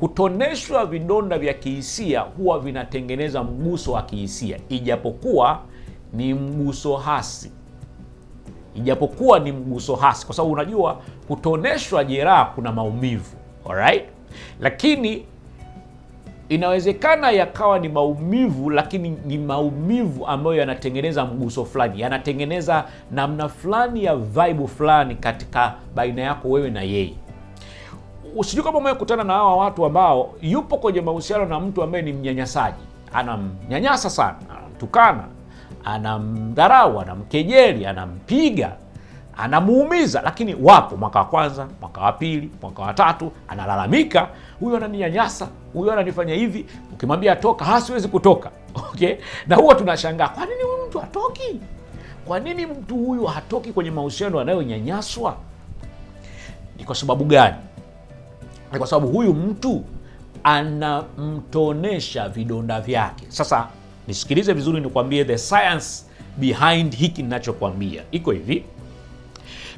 Kutoneshwa vidonda vya kihisia huwa vinatengeneza mguso wa kihisia, ijapokuwa ni mguso hasi, ijapokuwa ni mguso hasi, kwa sababu unajua kutoneshwa jeraha kuna maumivu, alright, lakini inawezekana yakawa ni maumivu, lakini ni maumivu ambayo yanatengeneza mguso fulani, yanatengeneza namna fulani ya vaibu fulani katika baina yako wewe na yeye usijui kama umekutana na hawa watu ambao yupo kwenye mahusiano na mtu ambaye ni mnyanyasaji, anamnyanyasa sana, anamtukana, anamdharau, anamkejeli, anampiga, anamuumiza, lakini wapo mwaka wa kwanza, mwaka wa pili, mwaka wa tatu, analalamika, huyu ananinyanyasa, huyu ananifanya hivi, ukimwambia toka, hasiwezi kutoka. Okay, na huwa tunashangaa kwa nini huyu mtu hatoki, kwa nini mtu huyu hatoki kwenye mahusiano anayonyanyaswa? Ni kwa sababu gani? kwa sababu huyu mtu anamtonesha vidonda vyake. Sasa nisikilize vizuri, nikuambie the science behind hiki ninachokwambia. Iko hivi,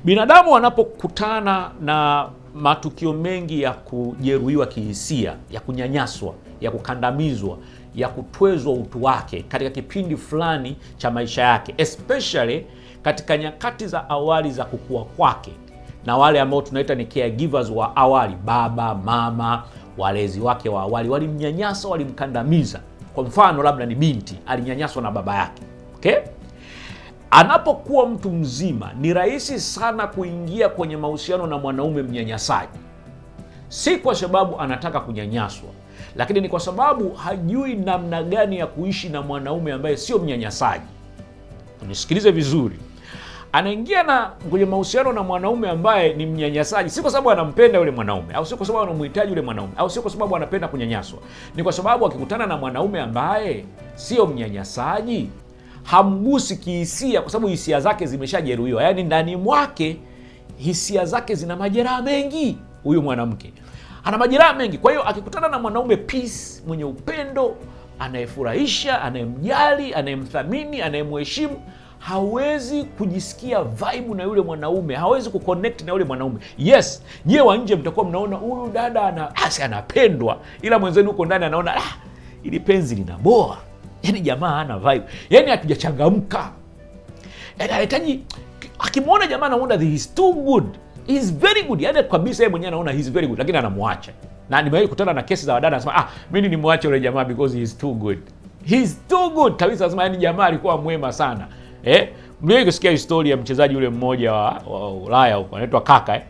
binadamu wanapokutana na matukio mengi ya kujeruhiwa kihisia, ya kunyanyaswa, ya kukandamizwa, ya kutwezwa utu wake katika kipindi fulani cha maisha yake, especially katika nyakati za awali za kukua kwake na wale ambao tunaita ni caregivers wa awali, baba, mama, walezi wake wa awali walimnyanyasa, walimkandamiza. Kwa mfano, labda ni binti alinyanyaswa na baba yake, okay? Anapokuwa mtu mzima, ni rahisi sana kuingia kwenye mahusiano na mwanaume mnyanyasaji, si kwa sababu anataka kunyanyaswa, lakini ni kwa sababu hajui namna gani ya kuishi na mwanaume ambaye sio mnyanyasaji. Unisikilize vizuri anaingia na kwenye mahusiano na mwanaume ambaye ni mnyanyasaji, si kwa sababu anampenda yule mwanaume au sio kwa sababu anamhitaji yule mwanaume au sio kwa sababu anapenda kunyanyaswa, ni kwa sababu akikutana na mwanaume ambaye sio mnyanyasaji, hamgusi kihisia, kwa sababu hisia zake zimeshajeruhiwa. Yaani ndani mwake hisia zake zina majeraha mengi, huyu mwanamke ana majeraha mengi. Kwa hiyo akikutana na mwanaume peace, mwenye upendo, anayefurahisha, anayemjali, anayemthamini, anayemheshimu hawezi kujisikia vaibu na yule mwanaume, hawezi kuconnect na yule mwanaume. Yes, nyie wa nje mtakuwa mnaona huyu dada ana, asi ah, anapendwa, ila mwenzenu huko ndani anaona ah, ili penzi linaboa, yani jamaa hana vibe, yani hatujachangamka, yaani anahitaji akimwona jamaa anaona he is too good, is very good, yani kabisa yeye mwenyewe anaona he is very good, lakini anamwacha. Na nimewahi kutana na kesi za wadada anasema ah, mimi nimwache yule jamaa because he is too good, he is too good kabisa, anasema yani jamaa alikuwa mwema sana eh, mliwahi kusikia historia ya mchezaji yule mmoja wa, wa Ulaya huko anaitwa Kaka eh?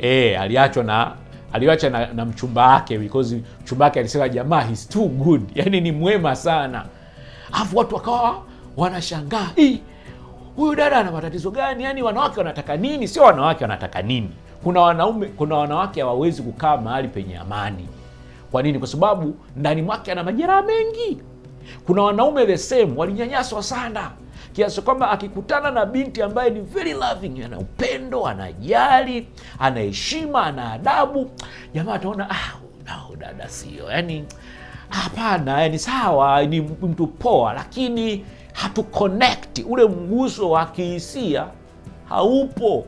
Eh, aliachwa na aliwacha na, na mchumba wake because mchumba wake alisema jamaa he's too good, yani ni mwema sana, alafu watu wakawa wanashangaa hii huyu dada ana matatizo gani? Yani wanawake wanataka nini? Sio wanawake wanataka nini? Kuna wanaume, kuna wanawake hawawezi kukaa mahali penye amani. Kwa nini? Kwa sababu ndani mwake ana majeraha mengi. Kuna wanaume the same walinyanyaswa sana kiasi kwamba akikutana na binti ambaye ni very loving, ana upendo, anajali, ana heshima, ana adabu, jamaa ataona ah, no, dada sio, yani hapana, yani sawa, ni mtu poa, lakini hatu connect, ule mguso wa kihisia haupo.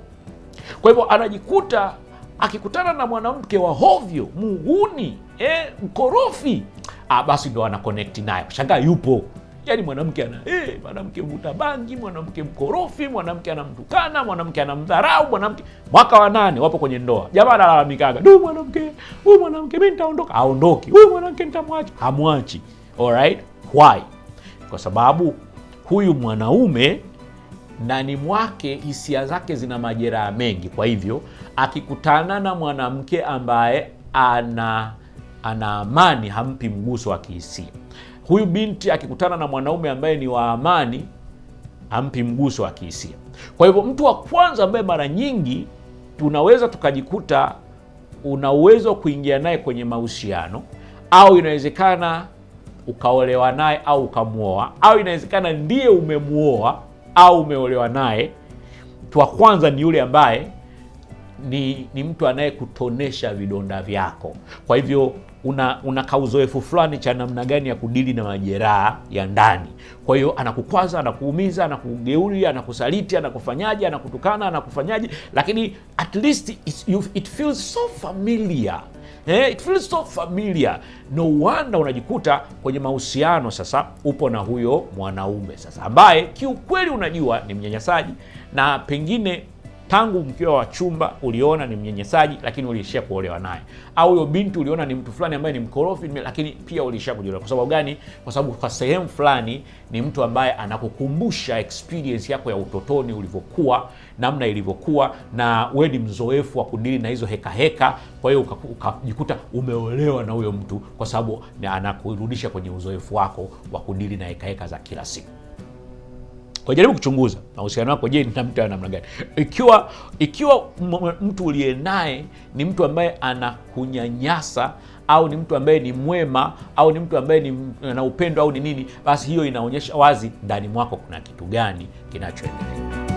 Kwa hivyo anajikuta akikutana na mwanamke wa hovyo, muhuni, eh, mkorofi, ah, basi ndo ana connect naye, shangaa yupo yani mwanamke ana eh, mwanamke mvuta bangi, mwanamke mkorofi, mwanamke anamtukana, mwanamke anamdharau, mwanamke. Mwaka wa nane wapo kwenye ndoa, jamaa analalamikaga, du, mwanamke huyu, mwanamke mimi nitaondoka. Aondoki huyu mwanamke, nitamwacha. Hamwachi. Alright, why? Kwa sababu huyu mwanaume ndani mwake hisia zake zina majeraha mengi. Kwa hivyo akikutana na mwanamke ambaye ana ana amani, hampi mguso wa kihisia huyu binti akikutana na mwanaume ambaye ni wa amani ampi mguso wa kihisia. Kwa hivyo mtu wa kwanza ambaye mara nyingi tunaweza tukajikuta una uwezo wa kuingia naye kwenye mahusiano, au inawezekana ukaolewa naye au ukamwoa, au inawezekana ndiye umemwoa au umeolewa naye. Mtu wa kwanza ni yule ambaye ni, ni mtu anayekutonesha vidonda vyako. Kwa hivyo una una kauzoefu fulani cha namna gani ya kudili na majeraha ya ndani. Kwa hiyo anakukwaza, anakuumiza, anakugeuri, anakusaliti, anakufanyaje, anakutukana, anakufanyaje, lakini at least it feels so familiar. Eh, it feels so familiar. No wonder unajikuta kwenye mahusiano sasa, upo na huyo mwanaume sasa ambaye kiukweli unajua ni mnyanyasaji na pengine tangu mkiwa wa chumba uliona ni mnyenyesaji, lakini uliishia kuolewa naye, au huyo binti uliona ni mtu fulani ambaye ni mkorofi, lakini pia uliishia kujiolewa. Kwa sababu gani? Kwa sababu kwa sehemu fulani ni mtu ambaye anakukumbusha experience yako ya utotoni ulivyokuwa, namna ilivyokuwa, na we ni mzoefu wa kudili na hizo heka heka. Kwa hiyo ukajikuta umeolewa na huyo mtu, kwa sababu anakurudisha kwenye uzoefu wako wa kudili na heka heka za kila siku. Kwa jaribu kuchunguza mahusiano yako. Je, na mtu ana namna gani? Ikiwa ikiwa mtu uliye naye ni mtu ambaye anakunyanyasa au ni mtu ambaye ni mwema au ni mtu ambaye ni ana upendo au ni nini, basi hiyo inaonyesha wazi ndani mwako kuna kitu gani kinachoendelea.